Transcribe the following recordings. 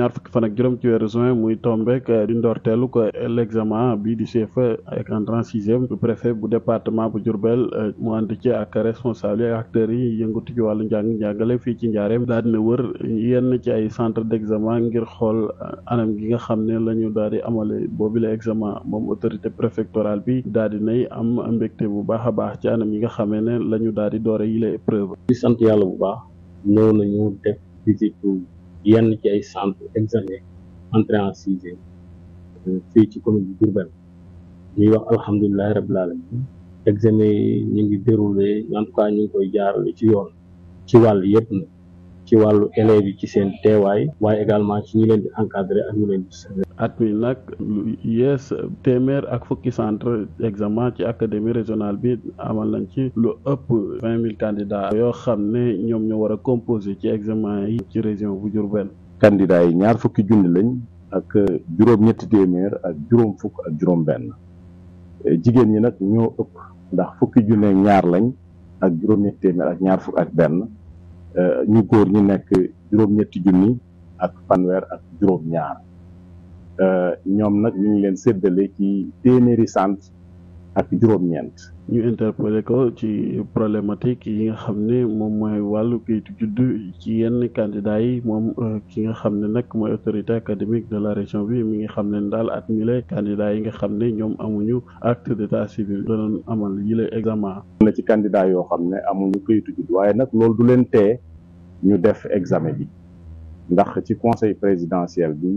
ñaar fukki fan ak juróom ci weeru juin muy tombeek euh, di ndorteelu ko euh, l'examen bi di CFEE euh, ak entrée en préfet bu département bu Diourbel mu ànd ci ak responsable yi ak acteur yi yëngatu ci wàllu njàng njàngale fii ci njaareem daal dina wër yenn ci ay centre d'examen ngir xool anam gi nga xam ne la ñu daal di amale boobu la examen moom autorité préfectorale bi daal di nay am mbégte bu baax a baax ci anam yi nga xamee ne la ñu daal di doore yi la épreuve di sant yàlla yenn ci ay centre examiné entré en sixième euh, fii ci commune bi Diourbel ñuy wax alhamdulilahi rabbil alamin examen yi ñu ngi déroulé en tout ñu ngi koy jaarale ci yoon ci wàll yëpp nag ci wàllu élèves yi ci seen teewaay waaye également ci ñi leen di encadrer ak ñi leen di at mi nag lu yees téeméer ak fukki centre examen ci académie régionale bi amal nañ ci lu ëpp vingt mille candidats yoo xam ne ñoom ñoo war a composé ci examen yi ci région bu Diourbel candidats yi ñaar fukki junni lañ ak juróom ñetti téeméer ak juróom fukk ak juróom benn jigéen ñi nag ñoo ëpp ndax fukki junne ñaar lañ ak juróom ñetti téeméer ak ñaar fukk ak benn Euh, ñu góor ñi nekk juróom-ñetti junni ak fanweer ak juróom-ñaar euh, ñoom nag ñu leen séddale ci téeméeri sant ak juróom-ñeent. ñu interpellé ko ci problématique yi nga xam ne moom mooy wàllu kayitu juddu ci yenn candidat yi moom euh, ki nga xam ne nag mooy autorité académique de la région bi mi nga xam ne daal admile candidat yi nga xam ne ñoom amuñu acte d'état civil danoon amal yile examen. na ci candidat yoo xam ne amuñu kayitu juddu waaye nag loolu du leen tee ñu def examen bi ndax ci conseil présidentiel bi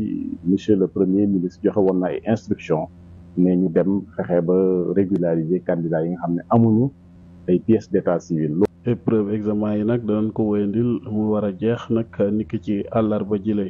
monsieur le premier ministre joxe woon ay instructions. ne ñu dem fexe ba régulariser candidats yi nga xam ne amuñu ay pièces d'état civil. épreuve examen yi nag danañ ko wéyandil mu war a jeex nag niki ci àllarba jile.